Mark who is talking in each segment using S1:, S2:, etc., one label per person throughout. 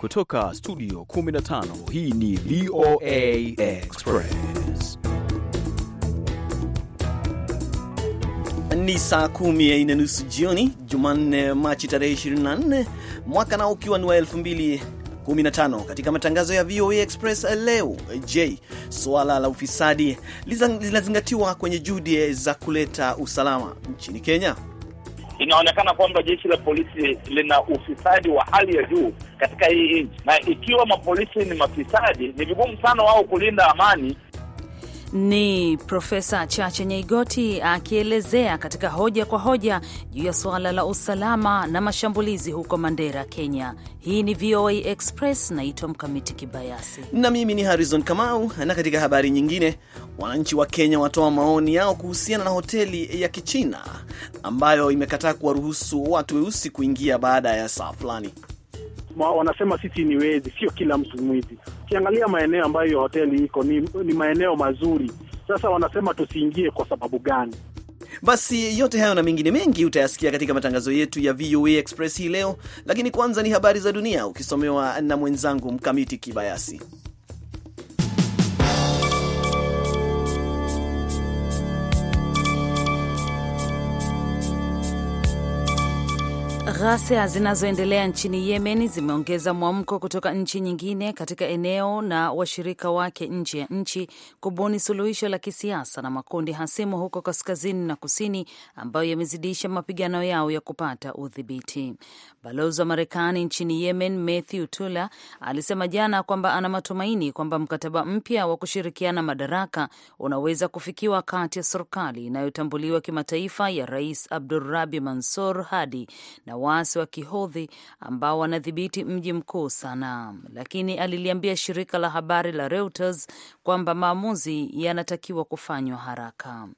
S1: Kutoka studio 15 hii ni VOA Express. Ni saa kumi na nusu jioni Jumanne, Machi tarehe 24 mwaka nao ukiwa ni wa 2015. Katika matangazo ya VOA Express leo, je, suala la ufisadi linazingatiwa kwenye juhudi za kuleta usalama nchini Kenya?
S2: inaonekana kwamba jeshi la polisi lina ufisadi wa hali ya juu katika hii nchi, na ikiwa mapolisi ni mafisadi, ni vigumu sana wao kulinda amani.
S3: Ni Profesa Chacha Nyaigoti akielezea katika Hoja kwa Hoja juu ya suala la usalama na mashambulizi huko Mandera, Kenya. Hii ni VOA Express, naitwa Mkamiti Kibayasi
S1: na mimi ni Harrison Kamau. Na katika habari nyingine, Wananchi wa Kenya watoa maoni yao kuhusiana na hoteli ya Kichina ambayo imekataa kuwaruhusu watu weusi kuingia baada ya saa fulani.
S4: Wanasema sisi ni wezi, sio kila mtu mwizi. Ukiangalia maeneo ambayo hiyo hoteli iko ni, ni maeneo mazuri. Sasa wanasema tusiingie kwa sababu gani? Basi
S1: yote hayo na mengine mengi utayasikia katika matangazo yetu ya VOA Express hii leo, lakini kwanza ni habari za dunia ukisomewa na mwenzangu Mkamiti Kibayasi.
S3: Ghasia zinazoendelea nchini Yemen zimeongeza mwamko kutoka nchi nyingine katika eneo na washirika wake nje ya nchi kubuni suluhisho la kisiasa na makundi hasimu huko kaskazini na kusini ambayo yamezidisha mapigano yao ya kupata udhibiti. Balozi wa Marekani nchini Yemen Matthew Tuller alisema jana kwamba ana matumaini kwamba mkataba mpya wa kushirikiana madaraka unaweza kufikiwa kati ya serikali inayotambuliwa kimataifa ya Rais Abdurabi Mansur Hadi na waasi wa kihodhi ambao wanadhibiti mji mkuu Sanaa, lakini aliliambia shirika la habari la Reuters kwamba maamuzi yanatakiwa kufanywa haraka.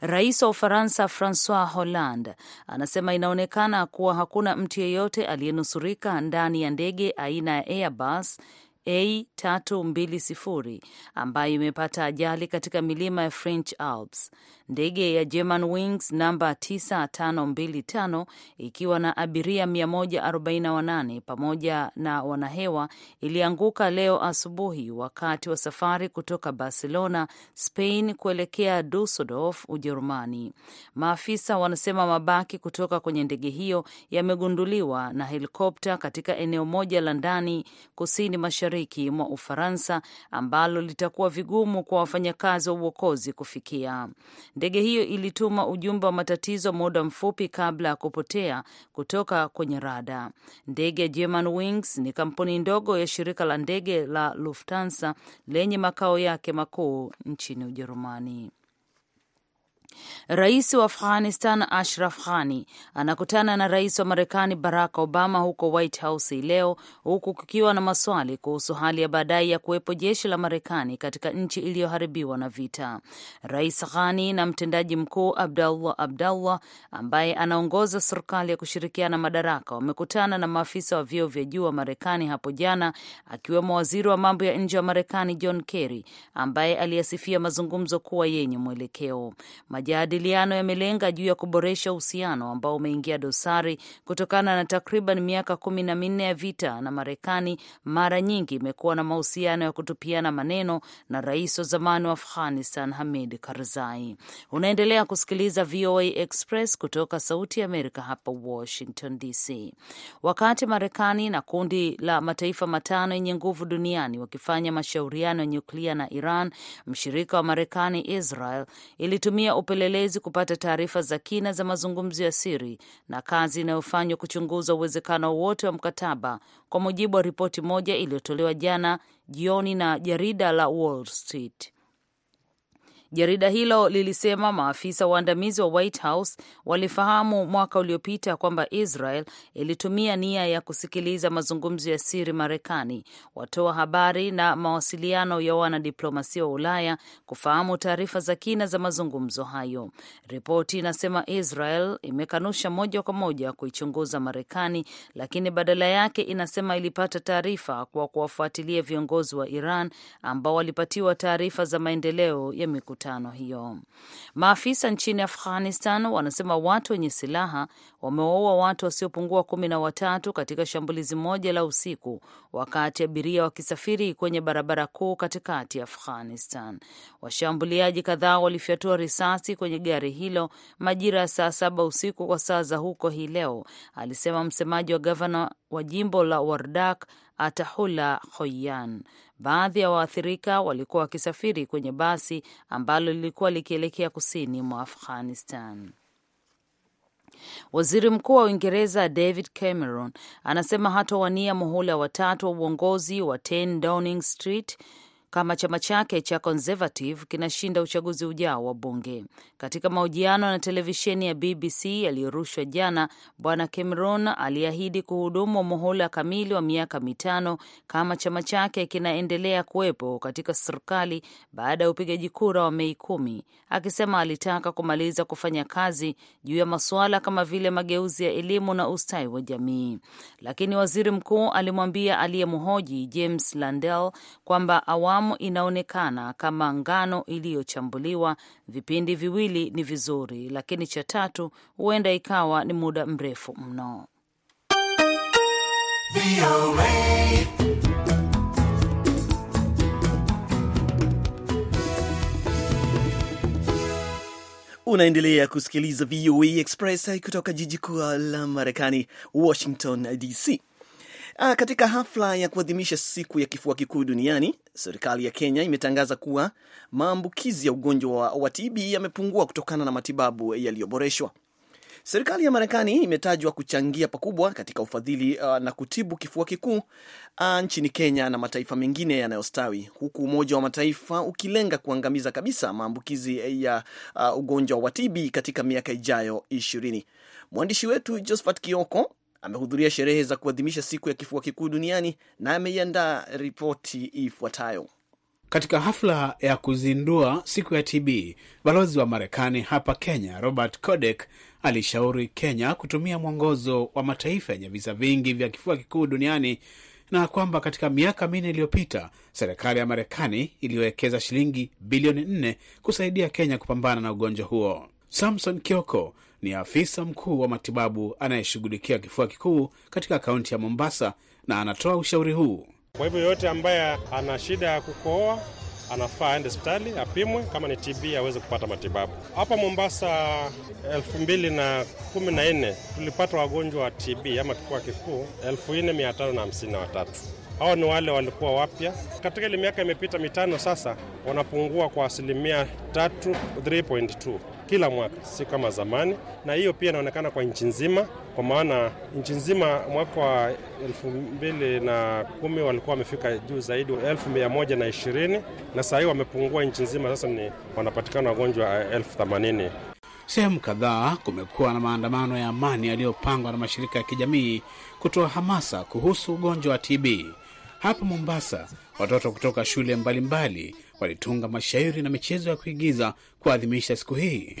S3: Rais wa Ufaransa Francois Hollande anasema inaonekana kuwa hakuna mtu yeyote aliyenusurika ndani ya ndege aina ya Airbus A320 ambayo imepata ajali katika milima ya French Alps. Ndege ya german wings namba 9525 ikiwa na abiria 148 pamoja na wanahewa ilianguka leo asubuhi wakati wa safari kutoka Barcelona, Spain kuelekea Dusseldorf, Ujerumani. Maafisa wanasema mabaki kutoka kwenye ndege hiyo yamegunduliwa na helikopta katika eneo moja la ndani kusini mashariki mashariki mwa Ufaransa ambalo litakuwa vigumu kwa wafanyakazi wa uokozi kufikia. Ndege hiyo ilituma ujumbe wa matatizo muda mfupi kabla ya kupotea kutoka kwenye rada. Ndege ya German Wings ni kampuni ndogo ya shirika la ndege la Lufthansa lenye makao yake makuu nchini Ujerumani. Rais wa Afghanistan Ashraf Ghani anakutana na rais wa Marekani Barack Obama huko White House hii leo, huku kukiwa na maswali kuhusu hali ya baadaye ya kuwepo jeshi la Marekani katika nchi iliyoharibiwa na vita. Rais Ghani na mtendaji mkuu Abdallah Abdallah ambaye anaongoza serikali ya kushirikiana madaraka wamekutana na maafisa wa vyeo vya juu wa Marekani hapo jana, akiwemo waziri wa mambo ya nje wa Marekani John Kerry ambaye aliyasifia mazungumzo kuwa yenye mwelekeo. Majadiliano yamelenga juu ya kuboresha uhusiano ambao umeingia dosari kutokana na takriban miaka kumi na minne ya vita, na Marekani mara nyingi imekuwa na mahusiano ya kutupiana maneno na rais wa zamani wa Afghanistan Hamid Karzai. Unaendelea kusikiliza VOA Express kutoka Sauti ya Amerika hapa Washington DC. Wakati Marekani na kundi la mataifa matano yenye nguvu duniani wakifanya mashauriano ya nyuklia na Iran, mshirika wa Marekani Israel ilitumia upelelezi kupata taarifa za kina za mazungumzo ya siri na kazi inayofanywa kuchunguza uwezekano wote wa mkataba, kwa mujibu wa ripoti moja iliyotolewa jana jioni na jarida la Wall Street. Jarida hilo lilisema maafisa waandamizi wa White House walifahamu mwaka uliopita kwamba Israel ilitumia nia ya kusikiliza mazungumzo ya siri Marekani, watoa habari na mawasiliano ya wanadiplomasia wa Ulaya kufahamu taarifa za kina za mazungumzo hayo. Ripoti inasema Israel imekanusha moja kwa moja kuichunguza Marekani, lakini badala yake inasema ilipata taarifa kwa kuwafuatilia viongozi wa Iran ambao walipatiwa taarifa za maendeleo ya mikutu mikutano hiyo. Maafisa nchini Afghanistan wanasema watu wenye silaha wamewaua watu wasiopungua kumi na watatu katika shambulizi moja la usiku, wakati abiria wakisafiri kwenye barabara kuu katikati ya Afghanistan. Washambuliaji kadhaa walifyatua risasi kwenye gari hilo majira ya saa saba usiku kwa saa za huko hii leo, alisema msemaji wa gavana wa jimbo la Wardak Atahula Khoyan. Baadhi ya waathirika walikuwa wakisafiri kwenye basi ambalo lilikuwa likielekea kusini mwa Afghanistan. Waziri Mkuu wa Uingereza David Cameron anasema hatowania muhula watatu wa uongozi wa 10 Downing Street kama chama chake cha Conservative kinashinda uchaguzi ujao wa bunge. Katika mahojiano na televisheni ya BBC yaliyorushwa jana, Bwana Cameron aliahidi kuhudumu muhula kamili wa miaka mitano kama chama chake kinaendelea kuwepo katika serikali baada ya upigaji kura wa Mei kumi, akisema alitaka kumaliza kufanya kazi juu ya masuala kama vile mageuzi ya elimu na ustawi wa jamii, lakini waziri mkuu alimwambia aliyemhoji James Landel kwamba awamu Salaam inaonekana kama ngano iliyochambuliwa. Vipindi viwili ni vizuri, lakini cha tatu huenda ikawa ni muda mrefu mno.
S1: Unaendelea kusikiliza VOA Express kutoka jiji kuu la Marekani, Washington DC. Aa, ah, katika hafla ya kuadhimisha siku ya kifua kikuu duniani, serikali ya Kenya imetangaza kuwa maambukizi ya ugonjwa wa TB yamepungua kutokana na matibabu yaliyoboreshwa. Serikali ya Marekani imetajwa kuchangia pakubwa katika ufadhili uh, na kutibu kifua kikuu uh, nchini Kenya na mataifa mengine yanayostawi, huku Umoja wa Mataifa ukilenga kuangamiza kabisa maambukizi ya uh, ugonjwa wa TB katika miaka ijayo ishirini. Mwandishi wetu Josephat Kioko amehudhuria sherehe za kuadhimisha siku ya kifua
S5: kikuu duniani na ameiandaa ripoti ifuatayo. Katika hafla ya kuzindua siku ya TB, balozi wa Marekani hapa Kenya Robert Codek alishauri Kenya kutumia mwongozo wa mataifa yenye visa vingi vya kifua kikuu duniani na kwamba katika miaka minne iliyopita serikali ya Marekani iliyowekeza shilingi bilioni nne kusaidia Kenya kupambana na ugonjwa huo. Samson Kioko ni afisa mkuu wa matibabu anayeshughulikia kifua kikuu katika kaunti ya Mombasa, na anatoa ushauri huu. Kwa hivyo yoyote ambaye ana shida ya kukooa anafaa aende hospitali apimwe, kama ni TB aweze kupata matibabu. Hapa Mombasa 214 tulipata wagonjwa wa TB ama kifua kikuu 4553 nne Hawa ni wale walikuwa wapya katika ile miaka imepita mitano sasa, wanapungua kwa asilimia 3.2 kila mwaka, si kama zamani, na hiyo pia inaonekana kwa nchi nzima, kwa maana nchi nzima mwaka wa elfu mbili na kumi walikuwa wamefika juu zaidi elfu mia moja na ishirini na saa hii wamepungua nchi nzima, sasa ni wanapatikana wagonjwa eh, elfu themanini. Sehemu kadhaa kumekuwa na maandamano ya amani yaliyopangwa na mashirika ya kijamii kutoa hamasa kuhusu ugonjwa wa TB. Hapa Mombasa, watoto kutoka shule mbalimbali mbali, walitunga mashairi na michezo ya kuigiza kuadhimisha siku hii.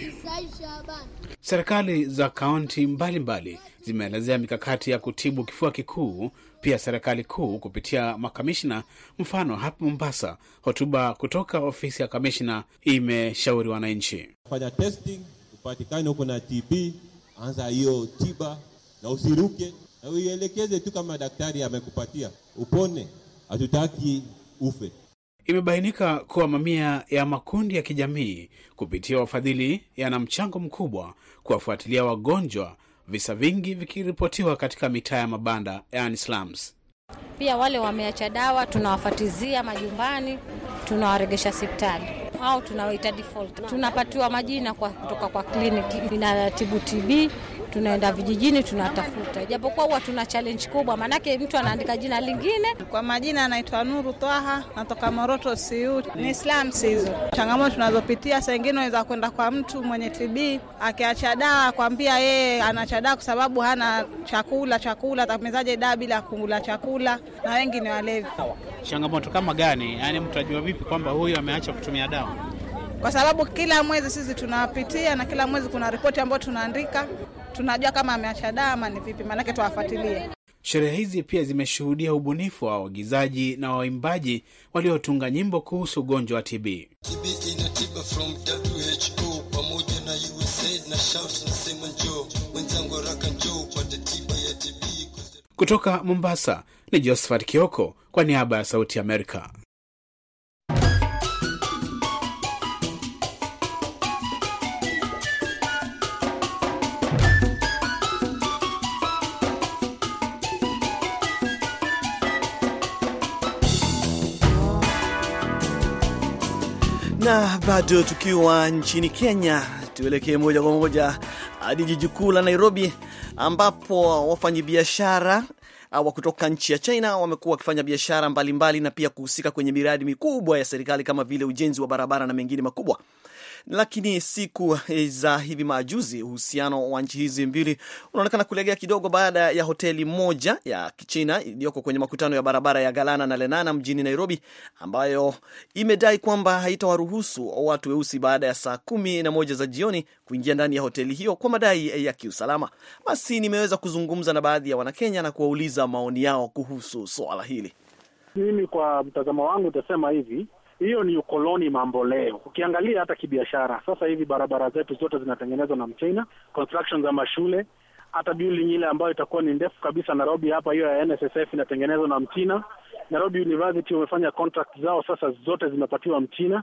S5: Serikali za kaunti mbalimbali zimeelezea mikakati ya kutibu kifua kikuu, pia serikali kuu kupitia makamishna. Mfano, hapa Mombasa, hotuba kutoka ofisi ya kamishna imeshauri wananchi
S2: fanya testing, upatikane huko na TB,
S5: anza hiyo tiba na usiruke na uielekeze tu kama daktari amekupatia, upone. Hatutaki ufe. Imebainika kuwa mamia ya makundi ya kijamii kupitia wafadhili yana mchango mkubwa kuwafuatilia wagonjwa, visa vingi vikiripotiwa katika mitaa ya mabanda, yani slums.
S6: Pia wale wameacha dawa tunawafatizia majumbani, tunawaregesha siptali au tunawaita Tunapatiwa majina kwa, kutoka kwa kliniki inatibu TB tunaenda vijijini tunatafuta, japokuwa huwa tuna challenge kubwa, maanake mtu anaandika jina lingine. Kwa majina anaitwa Nuru Twaha, natoka Moroto Siu, ni slums hizo. Changamoto tunazopitia saa ingine unaweza kwenda kwa mtu mwenye TB akiacha dawa, kwambia yeye anacha dawa kwa sababu hana chakula. Chakula atamezaje dawa bila ya kula chakula? Na wengi ni walevi.
S5: Changamoto kama gani? Yaani mtu ajua vipi kwamba huyu ameacha kutumia dawa?
S6: Kwa sababu kila mwezi sisi tunapitia na kila mwezi kuna ripoti ambayo tunaandika tunajua kama ameacha dama ni vipi, maanake tuwafuatilie.
S5: Sherehe hizi pia zimeshuhudia ubunifu wa waigizaji na waimbaji waliotunga nyimbo kuhusu ugonjwa wa TB.
S4: TB from WHO pamoja na USAID na shout nasema
S2: njoo wenzangu, haraka njoo upate tiba
S5: ya TB. Kutoka Mombasa ni Josephat Kioko kwa niaba ya Sauti Amerika.
S1: na bado tukiwa nchini Kenya, tuelekee moja kwa moja hadi jiji kuu la Nairobi, ambapo wafanyabiashara ah, wa kutoka nchi ya China wamekuwa wakifanya biashara mbalimbali na pia kuhusika kwenye miradi mikubwa ya serikali kama vile ujenzi wa barabara na mengine makubwa lakini siku eh, za hivi majuzi uhusiano wa nchi hizi mbili unaonekana kulegea kidogo baada ya hoteli moja ya Kichina iliyoko kwenye makutano ya barabara ya Galana na Lenana mjini Nairobi, ambayo imedai kwamba haitawaruhusu watu weusi baada ya saa kumi na moja za jioni kuingia ndani ya hoteli hiyo kwa madai eh, ya kiusalama. Basi nimeweza kuzungumza na baadhi ya Wanakenya na kuwauliza maoni yao kuhusu
S4: swala hili. Mimi kwa mtazamo wangu utasema hivi hiyo ni ukoloni mambo leo. Ukiangalia hata kibiashara, sasa hivi barabara zetu zote zinatengenezwa na Mchina, construction za mashule, hata building ile ambayo itakuwa ni ndefu kabisa Nairobi hapa, hiyo ya NSSF inatengenezwa na Mchina. Nairobi University wamefanya contract zao sasa zote zimepatiwa Mchina,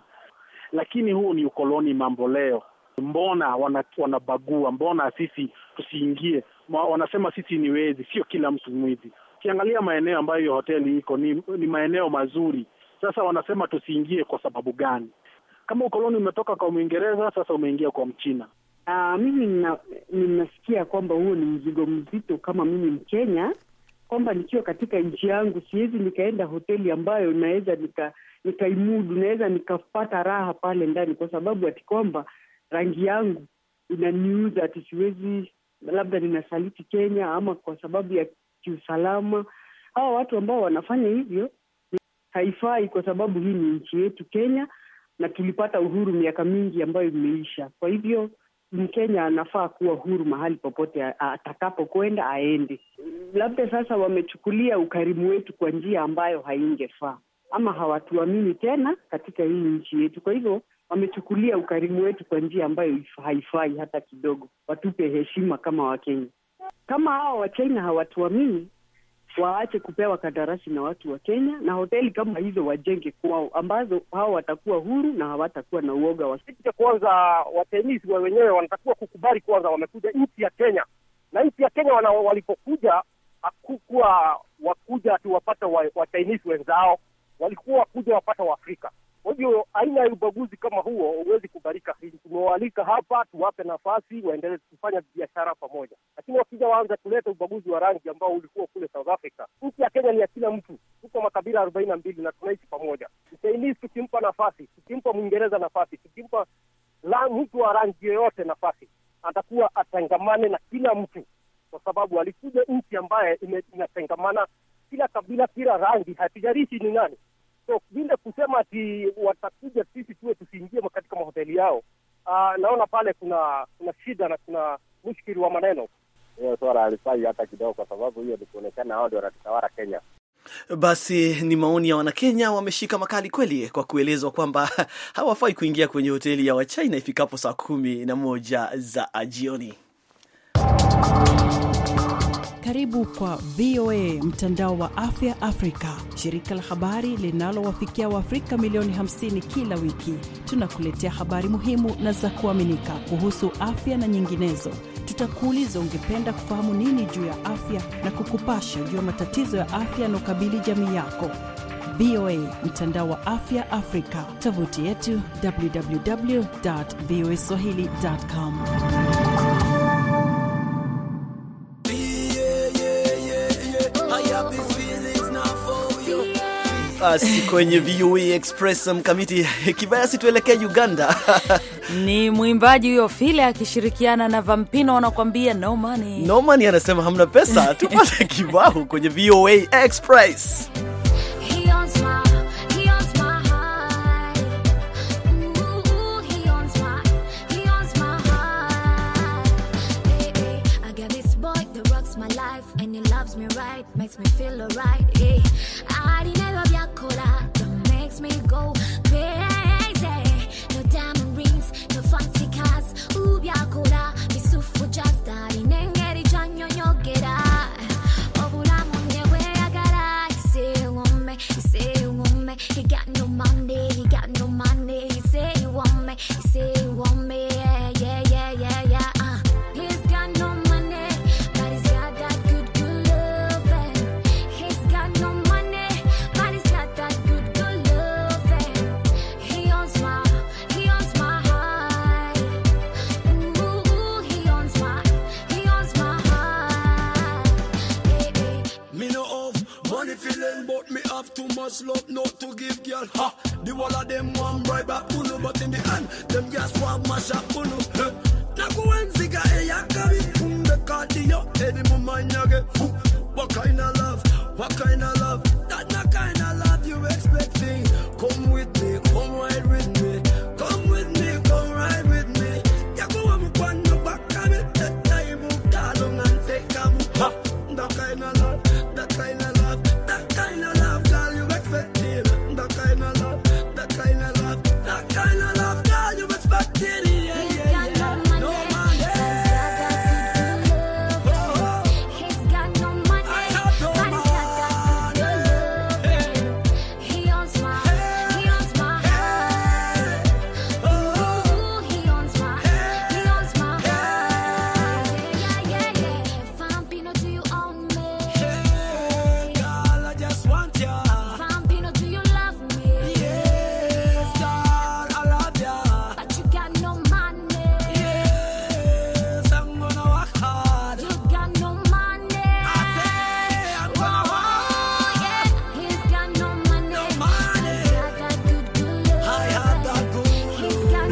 S4: lakini huu ni ukoloni mambo leo. Mbona wanabagua? Wana mbona sisi tusiingie? Wanasema sisi ni wezi, sio kila mtu mwizi. Ukiangalia maeneo ambayo hiyo hoteli iko ni, ni maeneo mazuri sasa wanasema tusiingie kwa sababu gani? Kama ukoloni umetoka kwa Mwingereza, sasa umeingia kwa Mchina. Aa, ah, mimi
S7: ninasikia kwamba huo ni mzigo mzito kama mimi Mkenya, kwamba nikiwa katika nchi yangu siwezi nikaenda hoteli ambayo naweza nika nikaimudu naweza nikapata raha pale ndani, kwa sababu ati kwamba rangi yangu inaniuza, ati siwezi labda ninasaliti Kenya ama kwa sababu ya kiusalama. Hawa watu ambao wanafanya hivyo haifai kwa sababu hii ni nchi yetu Kenya, na tulipata uhuru miaka mingi ambayo imeisha. Kwa hivyo Mkenya anafaa kuwa huru mahali popote atakapokwenda aende. Labda sasa wamechukulia ukarimu wetu kwa njia ambayo haingefaa, ama hawatuamini tena katika hii nchi yetu. Kwa hivyo wamechukulia ukarimu wetu kwa njia ambayo haifai hata kidogo. Watupe heshima kama Wakenya. Kama hawa Wachina hawatuamini, waache kupewa kandarasi na watu wa Kenya, na hoteli kama hizo wajenge kwao, ambazo hao watakuwa huru na
S4: hawatakuwa na uoga wa kitu. Kwanza watenisi wa wenyewe wanatakiwa kukubali kwanza, wamekuja nchi ya Kenya, na nchi ya Kenya wana, walipokuja hakukuwa wakuja tuwapata wa, wa Chinese wenzao, walikuwa wakuja wapata Waafrika. Kwa hivyo aina ya ubaguzi kama huo huwezi kubarika. Tumewaalika hapa tuwape nafasi waendelee kufanya biashara pamoja, lakini wakija waanza kuleta ubaguzi wa rangi ambao ulikuwa kule South Africa. Nchi ya Kenya
S7: ni ya kila mtu,
S4: tuko makabila arobaini na mbili na tunaishi pamoja. Mchinese tukimpa nafasi, tukimpa mwingereza nafasi, tukimpa mtu wa rangi yoyote nafasi, atakuwa atengamane na kila mtu, kwa sababu alikuja nchi ambaye inatengamana kila kabila, kila rangi, hatujarishi ni nani. So vile kusema ati watakuja sisi tuwe tusiingie katika mahoteli yao, uh, naona pale kuna kuna shida na kuna mushkili wa maneno. Hiyo swala halifai hata kidogo, kwa sababu hiyo ni kuonekana hao ndio wanatutawala Kenya.
S1: Basi ni maoni ya Wanakenya wameshika makali kweli, kwa kuelezwa kwamba hawafai kuingia kwenye hoteli ya Wachina ifikapo saa kumi na moja za jioni.
S6: Karibu kwa VOA mtandao wa afya Afrika, shirika la habari linalowafikia Waafrika milioni 50 kila wiki. Tunakuletea habari muhimu na za kuaminika kuhusu afya na nyinginezo. Tutakuuliza, ungependa kufahamu nini juu ya afya, na kukupasha juu ya matatizo ya afya yanayokabili jamii yako. VOA mtandao wa afya Afrika, tovuti yetu www voa swahili.com.
S1: Basi kwenye VOA Express mkamiti kibayasi, tuelekee Uganda.
S3: Ni mwimbaji huyo File akishirikiana na Vampino wanakuambia no money.
S1: No money anasema hamna pesa, tupate kibao kwenye VOA Express.
S8: Makes me feel alright, yeah. of your color Don't make me go.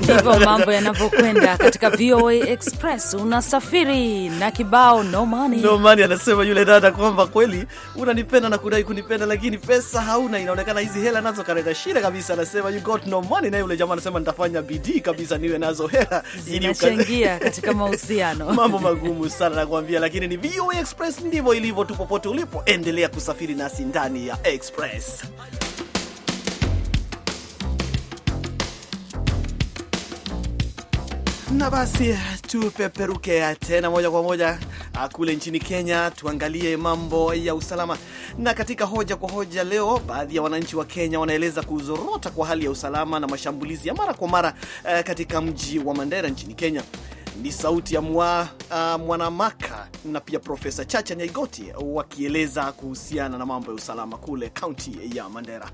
S3: ndivyo mambo yanavyokwenda katika VOA Express. Unasafiri na kibao no money. No
S1: money anasema yule dada kwamba kweli unanipenda na kudai kunipenda, lakini pesa hauna. Inaonekana hizi hela nazo kaleta shida kabisa. Anasema you got no money, na yule jamaa anasema nitafanya bidii kabisa niwe nazo hela zinachangia katika
S3: mahusiano. Mambo
S1: magumu sana nakwambia, lakini ni VOA Express, ndivyo ilivyo tu. Popote ulipo, endelea kusafiri nasi ndani ya Express. Na basi tupeperuke tena moja kwa moja ah, kule nchini Kenya, tuangalie mambo ya usalama. Na katika hoja kwa hoja leo, baadhi ya wananchi wa Kenya wanaeleza kuzorota kwa hali ya usalama na mashambulizi ya mara kwa mara uh, katika mji wa Mandera nchini Kenya. Ni sauti ya mwa, uh, Mwanamaka na pia Profesa Chacha Nyaigoti wakieleza kuhusiana na mambo ya usalama kule kaunti ya Mandera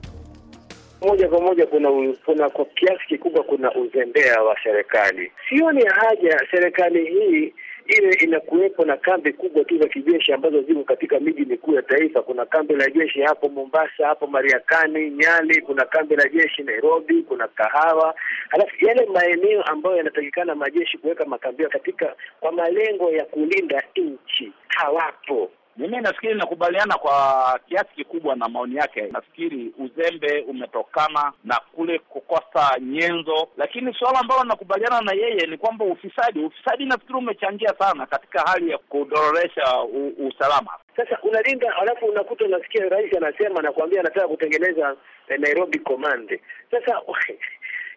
S4: moja kwa moja kuna kuna kwa kiasi kikubwa kuna uzembea wa serikali. Sioni haja serikali hii ile inakuwepo na kambi kubwa tu za kijeshi ambazo ziko katika miji mikuu ya taifa. Kuna kambi la jeshi hapo Mombasa, hapo Mariakani, Nyali, kuna kambi la jeshi Nairobi, kuna Kahawa. Halafu yale maeneo ambayo yanatakikana majeshi kuweka makambio katika kwa malengo ya
S2: kulinda nchi hawapo. Mimi nafikiri nakubaliana kwa kiasi kikubwa na maoni yake. Nafikiri uzembe umetokana na kule kukosa nyenzo, lakini suala ambalo nakubaliana na yeye ni kwamba ufisadi, ufisadi nafikiri umechangia sana katika hali ya kudororesha
S4: usalama. Sasa unalinda, alafu unakuta unasikia rais anasema, kuambia anataka kutengeneza eh, Nairobi Command. Sasa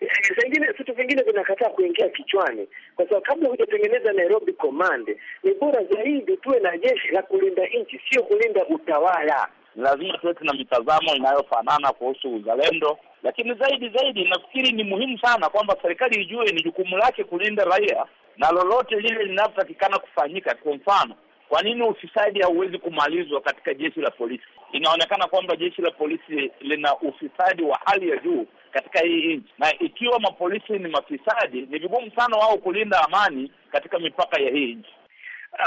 S4: Eh, Zingine vitu vingine vinakataa kuingia kichwani, kwa sababu kabla hujatengeneza Nairobi Command,
S2: ni bora zaidi tuwe na jeshi la kulinda nchi, sio kulinda utawala. Lazima tuwe tuna mitazamo inayofanana kuhusu uzalendo, lakini zaidi zaidi, nafikiri ni muhimu sana kwamba serikali ijue ni jukumu lake kulinda raia na lolote lile linalotakikana kufanyika. Kwa mfano kwa nini ufisadi hauwezi kumalizwa katika jeshi la polisi? Inaonekana kwamba jeshi la polisi lina ufisadi wa hali ya juu katika hii nchi, na ikiwa mapolisi ni mafisadi, ni vigumu sana wao kulinda amani katika mipaka ya hii nchi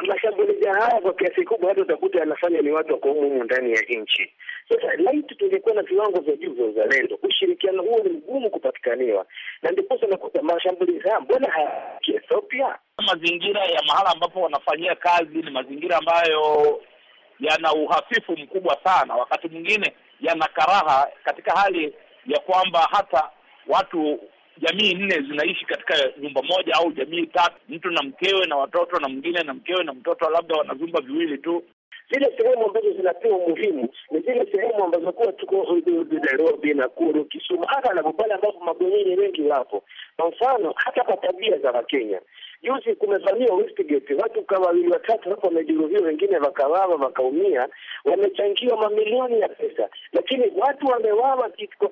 S4: mashambulizi haya kwa kiasi kubwa hata utakuta yanafanya ni watu wako humu ndani ya nchi. Sasa laiti tungekuwa na viwango vya juu vya uzalendo, ushirikiano huo ni mgumu kupatikaniwa, na ndiposa nakuta mashambulizi haya mbona hayaki Ethiopia.
S2: Mazingira ya mahala ambapo wanafanyia kazi ni mazingira ambayo yana uhafifu mkubwa sana, wakati mwingine yana karaha, katika hali ya kwamba hata watu jamii nne zinaishi katika nyumba moja au jamii tatu, mtu na mkewe na watoto na mwingine na mkewe na mtoto, labda wana vyumba viwili tu. Zile sehemu ambazo zinapewa umuhimu ni zile
S4: sehemu ambazo kuwa tuko Nairobi, Nakuru, Kisumu, hata na pale ambapo mabwenyenye wengi wapo. Kwa mfano, hata kwa tabia za Wakenya Juzi kumevamia Westgate, watu kama wawili watatu hapo wamejeruhiwa, wengine wakawawa wakaumia, wamechangiwa mamilioni ya pesa, lakini watu wamewawa kwa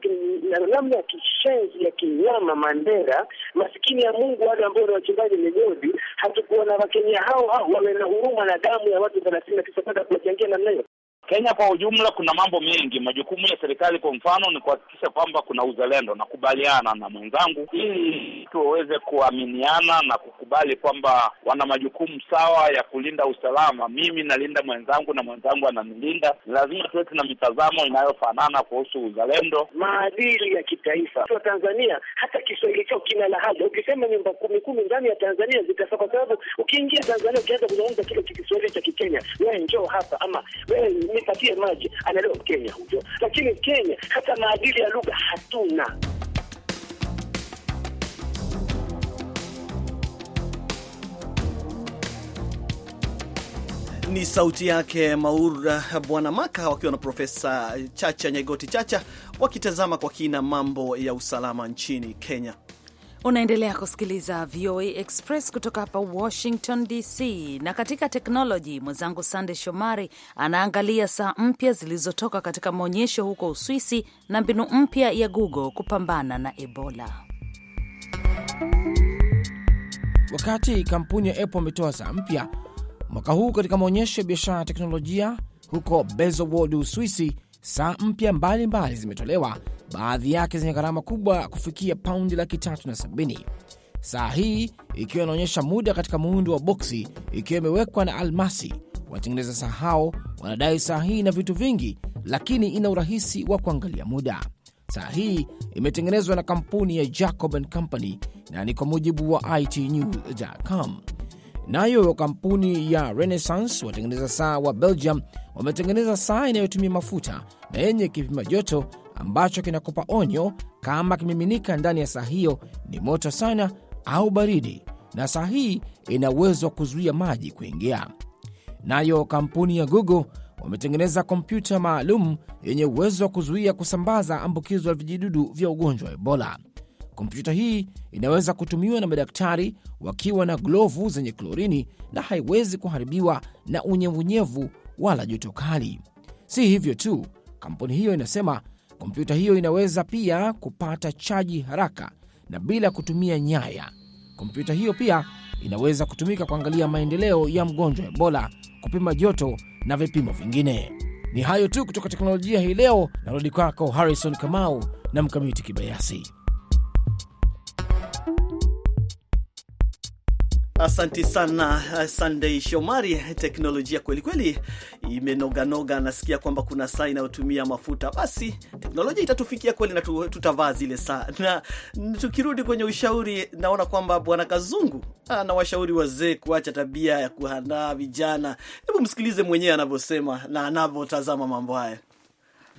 S4: namna ya kishenzi ya kinyama Mandera, masikini ya Mungu, wale ambao ni wachimbaji migodi. Hatukuona Wakenya hao hao wawe na huruma na damu ya watu thelathini na tisa kwenda kuwachangia namna hiyo.
S2: Kenya kwa ujumla, kuna mambo mengi. Majukumu ya serikali kwa mfano ni kuhakikisha kwamba kuna uzalendo. Nakubaliana na mwenzangu, ili tuweze kuaminiana na kukubali kwamba wana majukumu sawa ya kulinda usalama. Mimi nalinda mwenzangu na mwenzangu ananilinda. Lazima tuwe tuna mitazamo inayofanana kuhusu uzalendo, maadili ya kitaifa
S4: wa Tanzania. Hata Kiswahili chao kina lahaja. Ukisema nyumba kumi kumi ndani ya Tanzania zitafa, kwa sababu ukiingia Tanzania ukianza kuzungumza kile Kiswahili cha Kikenya, wewe njoo hapa ama wewe nipatie maji, anaelewa Mkenya huyo. Lakini Kenya hata maadili ya lugha hatuna.
S1: Ni sauti yake Maura eh, Bwana Maka wakiwa na Profesa Chacha Nyegoti Chacha wakitazama kwa kina mambo ya usalama nchini Kenya.
S3: Unaendelea kusikiliza VOA Express kutoka hapa Washington DC. Na katika teknoloji, mwenzangu Sande Shomari anaangalia saa mpya zilizotoka katika maonyesho huko Uswisi na mbinu mpya ya Google kupambana na Ebola.
S9: Wakati kampuni ya Apple ametoa saa mpya mwaka huu katika maonyesho ya biashara ya teknolojia huko Baselworld, Uswisi, Saa mpya mbalimbali zimetolewa, baadhi yake zenye gharama kubwa kufikia paundi laki tatu na sabini. Saa hii ikiwa inaonyesha muda katika muundo wa boksi, ikiwa imewekwa na almasi. Watengeneza saa hao wanadai saa hii na vitu vingi, lakini ina urahisi wa kuangalia muda. Saa hii imetengenezwa na kampuni ya Jacob and Company na ni kwa mujibu wa itnews.com. Nayo kampuni ya Renaissance watengeneza saa wa Belgium wametengeneza saa inayotumia mafuta na yenye kipima joto ambacho kinakupa onyo kama kimiminika ndani ya saa hiyo ni moto sana au baridi, na saa hii ina uwezo wa kuzuia maji kuingia. Nayo kampuni ya Google wametengeneza kompyuta maalum yenye uwezo wa kuzuia kusambaza ambukizo ya vijidudu vya ugonjwa wa Ebola. Kompyuta hii inaweza kutumiwa na madaktari wakiwa na glovu zenye klorini na haiwezi kuharibiwa na unyevunyevu wala joto kali. Si hivyo tu, kampuni hiyo inasema kompyuta hiyo inaweza pia kupata chaji haraka na bila kutumia nyaya. Kompyuta hiyo pia inaweza kutumika kuangalia maendeleo ya mgonjwa Ebola, kupima joto na vipimo vingine. Ni hayo tu kutoka teknolojia hii leo. Narudi kwako Harrison Kamau na Mkamiti Kibayasi.
S1: asanti sana eh, Sunday Shomari. Teknolojia kweli kweli imenoganoga. Nasikia kwamba kuna saa inayotumia mafuta, basi teknolojia itatufikia kweli na tutavaa zile saa. Na tukirudi kwenye ushauri, naona kwamba bwana Kazungu anawashauri wazee kuacha tabia ya kuhandaa vijana. Hebu msikilize mwenyewe anavyosema na anavyotazama mambo haya.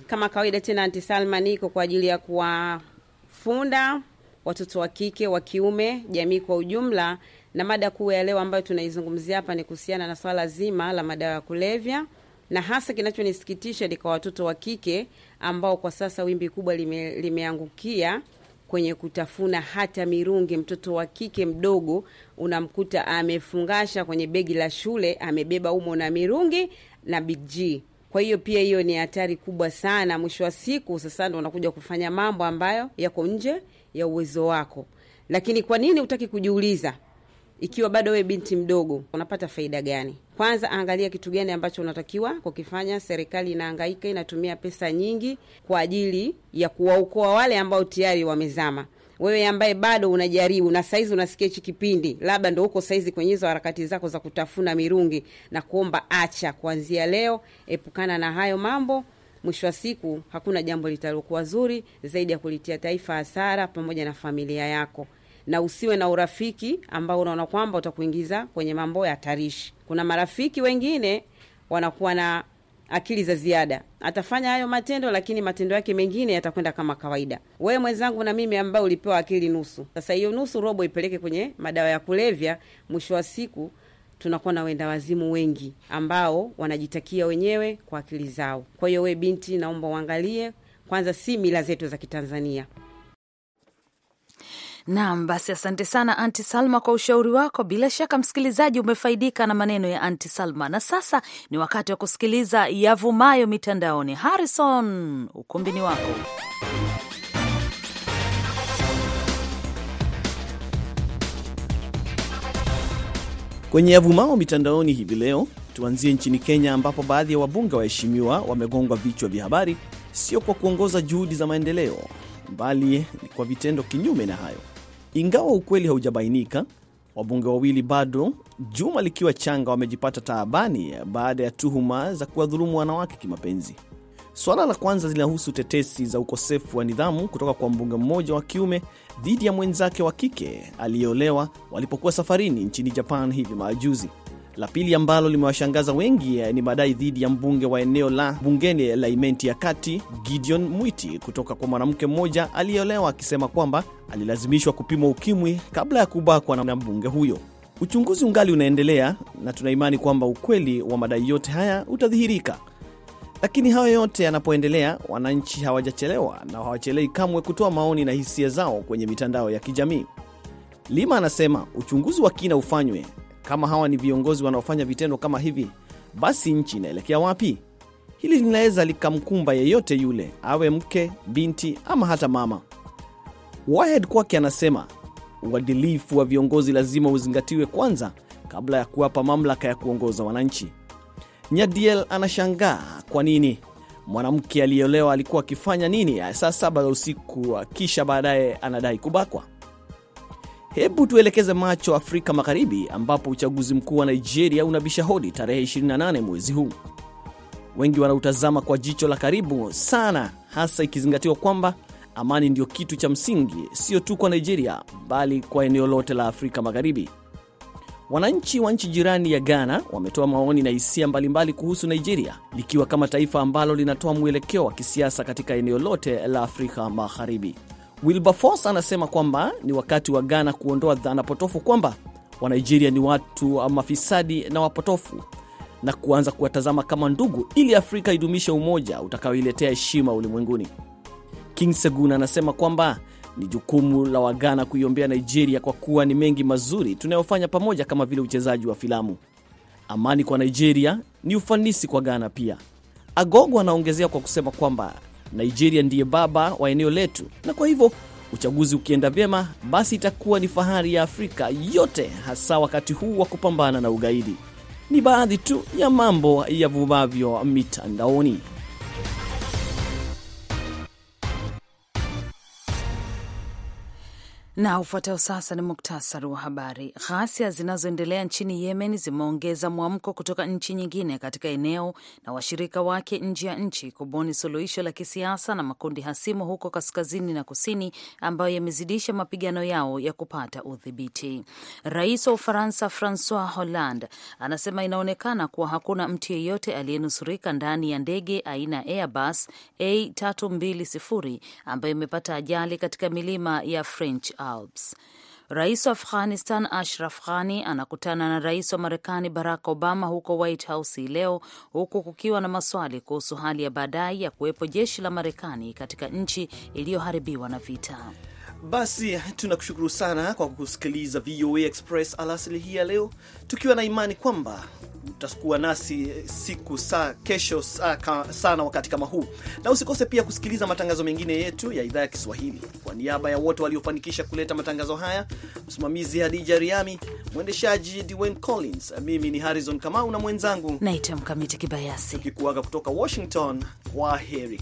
S6: Kama kawaida tena, Anti Salma, niko kwa ajili ya kuwafunda watoto wa kike, wa kiume, jamii kwa ujumla. Na mada kuu ya leo ambayo tunaizungumzia hapa ni kuhusiana na swala zima la madawa ya kulevya, na hasa kinachonisikitisha ni kwa watoto wa kike ambao kwa sasa wimbi kubwa lime, limeangukia kwenye kutafuna hata mirungi. Mtoto wa kike mdogo unamkuta amefungasha kwenye begi la shule, amebeba umo na mirungi na bg Kwa hiyo pia hiyo ni hatari kubwa sana. Mwisho wa siku, sasa ndo unakuja kufanya mambo ambayo yako nje ya uwezo wako, lakini kwa nini utaki kujiuliza ikiwa bado wewe binti mdogo unapata faida gani? Kwanza angalia kitu gani ambacho unatakiwa kukifanya. Serikali inahangaika, inatumia pesa nyingi kwa ajili ya kuwaokoa wale ambao tayari wamezama. Wewe ambaye bado unajaribu na saizi unasikia hichi kipindi, labda ndo uko saizi kwenye hizo harakati zako za kutafuna mirungi, na kuomba acha, kuanzia leo epukana na hayo mambo mwisho wa siku hakuna jambo litalokuwa zuri zaidi ya kulitia taifa hasara pamoja na familia yako na usiwe na urafiki ambao unaona kwamba utakuingiza kwenye mambo ya tarishi Kuna marafiki wengine wanakuwa na akili za ziada, atafanya hayo matendo, lakini matendo yake mengine yatakwenda kama kawaida. Wewe mwenzangu na mimi ambaye ulipewa akili nusu, sasa hiyo nusu robo ipeleke kwenye madawa ya kulevya, mwisho wa siku tunakuwa na wenda wazimu wengi ambao wanajitakia wenyewe kwa akili zao. Kwa hiyo we binti, naomba uangalie kwanza, si mila zetu za Kitanzania.
S3: Naam, basi asante sana Anti Salma kwa ushauri wako. Bila shaka msikilizaji, umefaidika na maneno ya Anti Salma, na sasa ni wakati wa kusikiliza yavumayo mitandaoni. Harrison, ukumbini wako.
S1: Kwenye yavumao mitandaoni hivi leo, tuanzie nchini Kenya ambapo baadhi ya wabunge waheshimiwa wamegongwa vichwa vya habari, sio kwa kuongoza juhudi za maendeleo, bali ni kwa vitendo kinyume na hayo. Ingawa ukweli haujabainika, wabunge wawili bado, Juma likiwa changa, wamejipata taabani baada ya tuhuma za kuwadhulumu wanawake kimapenzi swala la kwanza linahusu tetesi za ukosefu wa nidhamu kutoka kwa mbunge mmoja wa kiume dhidi ya mwenzake wa kike aliyeolewa walipokuwa safarini nchini Japan hivi majuzi. La pili ambalo limewashangaza wengi eh, ni madai dhidi ya mbunge wa eneo la bungeni la Imenti ya Kati, Gideon Mwiti, kutoka kwa mwanamke mmoja aliyeolewa, akisema kwamba alilazimishwa kupimwa ukimwi kabla ya kubakwa na mbunge huyo. Uchunguzi ungali unaendelea na tunaimani kwamba ukweli wa madai yote haya utadhihirika lakini hayo yote yanapoendelea, wananchi hawajachelewa na hawachelei kamwe kutoa maoni na hisia zao kwenye mitandao ya kijamii. Lima anasema uchunguzi wa kina ufanywe. Kama hawa ni viongozi wanaofanya vitendo kama hivi, basi nchi inaelekea wapi? Hili linaweza likamkumba yeyote yule, awe mke, binti ama hata mama. Wahed kwake anasema uadilifu wa viongozi lazima uzingatiwe kwanza kabla ya kuwapa mamlaka ya kuongoza wananchi. Nyadiel anashangaa kwa nini mwanamke aliyeolewa alikuwa akifanya nini saa saba za usiku, kisha baadaye anadai kubakwa. Hebu tuelekeze macho Afrika Magharibi, ambapo uchaguzi mkuu wa Nigeria unabisha hodi tarehe 28 mwezi huu. Wengi wanautazama kwa jicho la karibu sana, hasa ikizingatiwa kwamba amani ndio kitu cha msingi, sio tu kwa Nigeria, bali kwa eneo lote la Afrika Magharibi. Wananchi wa nchi jirani ya Ghana wametoa maoni na hisia mbalimbali kuhusu Nigeria, likiwa kama taifa ambalo linatoa mwelekeo wa kisiasa katika eneo lote la Afrika Magharibi. Wilberforce anasema kwamba ni wakati wa Ghana kuondoa dhana potofu kwamba Wanigeria ni watu mafisadi na wapotofu na kuanza kuwatazama kama ndugu, ili Afrika idumishe umoja utakaoiletea heshima ulimwenguni. King Seguna anasema kwamba ni jukumu la Wagana kuiombea Nigeria kwa kuwa ni mengi mazuri tunayofanya pamoja kama vile uchezaji wa filamu. Amani kwa Nigeria ni ufanisi kwa Ghana pia. Agogo anaongezea kwa kusema kwamba Nigeria ndiye baba wa eneo letu, na kwa hivyo uchaguzi ukienda vyema, basi itakuwa ni fahari ya Afrika yote, hasa wakati huu wa kupambana na ugaidi. Ni baadhi tu ya mambo yavumavyo mitandaoni.
S3: Na ufuatao sasa ni muktasari wa habari. Ghasia zinazoendelea nchini Yemen zimeongeza mwamko kutoka nchi nyingine katika eneo na washirika wake nje ya nchi kubuni suluhisho la kisiasa na makundi hasimu huko kaskazini na kusini, ambayo yamezidisha mapigano yao ya kupata udhibiti. Rais wa Ufaransa Francois Hollande anasema inaonekana kuwa hakuna mtu yeyote aliyenusurika ndani ya ndege aina Airbus A320 ambayo imepata ajali katika milima ya French Alps. Rais wa Afghanistan Ashraf Ghani anakutana na rais wa Marekani Barack Obama huko White House hii leo, huku kukiwa na maswali kuhusu hali ya baadaye ya kuwepo jeshi la Marekani katika nchi iliyoharibiwa na vita. Basi tunakushukuru
S1: sana kwa kusikiliza VOA Express alasili hii ya leo, tukiwa na imani kwamba utakuwa nasi siku saa kesho saa sana wakati kama huu, na usikose pia kusikiliza matangazo mengine yetu ya idhaa ya Kiswahili. Kwa niaba ya wote waliofanikisha kuleta matangazo haya, msimamizi Hadija Riami, mwendeshaji Dwayne Collins, mimi ni Harrison Kamau na mwenzangu naitwa Mkamiti Kibayasi, tukikuaga kutoka Washington. Kwa heri.